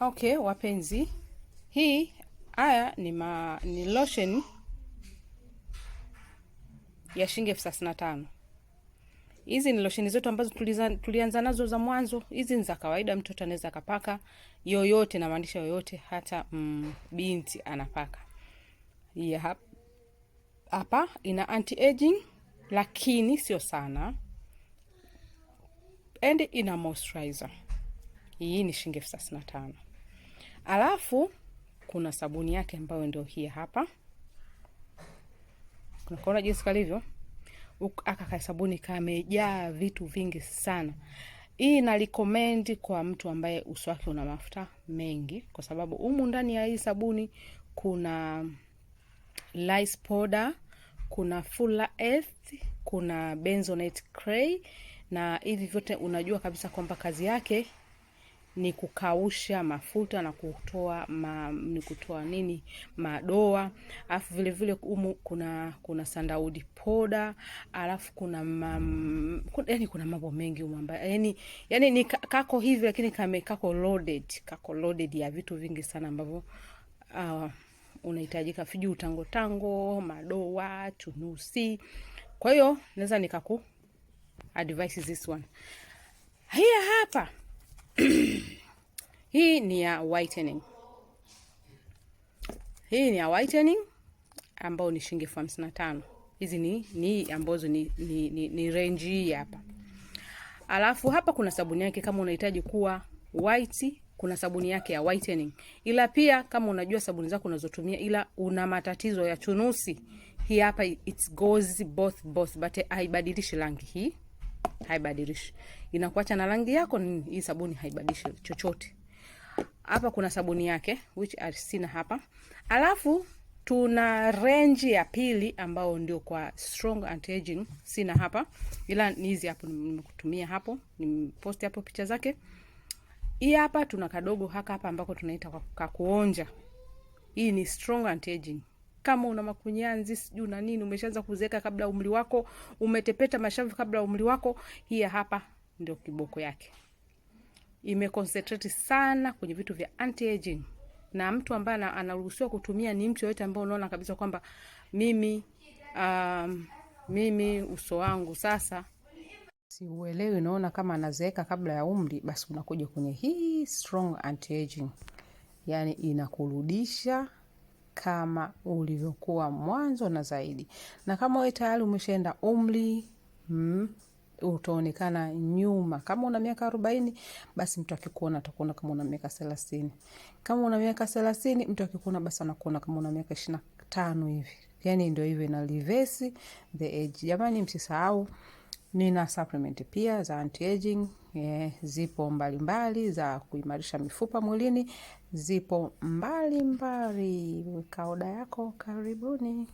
Okay wapenzi, hii haya ni, ma, ni lotion ya shilingi elfu thelathini na tano. Hizi ni losheni zetu ambazo tulianza nazo za mwanzo. Hizi ni za kawaida, mtoto anaweza akapaka yoyote, na maandisha yoyote, hata mm, binti anapaka hapa. Ina anti aging lakini sio sana, and ina moisturizer. Hii ni shilingi elfu thelathini na tano. Alafu kuna sabuni yake ambayo ndio hii hapa. Unaona jinsi kalivyo. Aka ka sabuni kamejaa vitu vingi sana. Hii na recommend kwa mtu ambaye uso wake una mafuta mengi, kwa sababu humu ndani ya hii sabuni kuna rice powder, kuna full earth, kuna benzoate clay na hivi vyote unajua kabisa kwamba kazi yake ni kukausha mafuta na kutoa ma, ni kutoa nini madoa. Alafu vile vile umu kuna kuna sandaudi poda, alafu kuna mam, kuna, yani kuna mambo mengi umu ambayo yani yani ni kako hivi, lakini kame kako loaded, kako loaded ya vitu vingi sana ambavyo uh, unahitajika fiju tango tango, madoa, chunusi. Kwa hiyo naweza nikaku advice this one. Hiya hapa hii ni ya whitening. Hii ni ya whitening ambao ni shilingi elfu hamsini na tano. Hizi ni ni ambazo ni ni, ni, ni range hii hapa. Alafu hapa kuna sabuni yake kama unahitaji kuwa white, kuna sabuni yake ya whitening. Ila pia kama unajua sabuni zako unazotumia ila una matatizo ya chunusi, hii hapa it goes both both but haibadilishi rangi hii. Haibadilishi. Inakuacha na rangi yako, hii sabuni haibadilishi chochote. Hapa kuna sabuni yake which sina hapa, alafu tuna range ya pili ambao ndio kwa strong anti aging, sina hapa ila ni hizi hapo nimekutumia hapo, nimepost hapo picha zake. Hii hapa tuna kadogo haka hapa ambako tunaita kwa kuonja. Hii ni strong anti aging. Kama una makunyanzi sijui na nini umeshaanza kuzeka kabla umri wako, umetepeta mashavu kabla umri wako, hii hapa ndio kiboko yake imeconcentrate sana kwenye vitu vya anti aging, na mtu ambaye anaruhusiwa kutumia ni mtu yoyote ambaye unaona kabisa kwamba mimi, um, mimi uso wangu sasa siuelewi, unaona kama anazeeka kabla ya umri, basi unakuja kwenye hii strong anti aging, yani inakurudisha kama ulivyokuwa mwanzo na zaidi, na kama wewe tayari umeshaenda umri mm, utaonekana nyuma. Kama una miaka arobaini, basi mtu akikuona atakuona kama una miaka thelathini. Kama una miaka thelathini, mtu akikuona basi anakuona kama una miaka ishirini na tano hivi. Yani ndio hivyo na reverse the age. Jamani, msisahau nina supplement pia za anti aging yeah, zipo mbalimbali mbali, za kuimarisha mifupa mwilini zipo mbalimbali mbali. yako karibuni.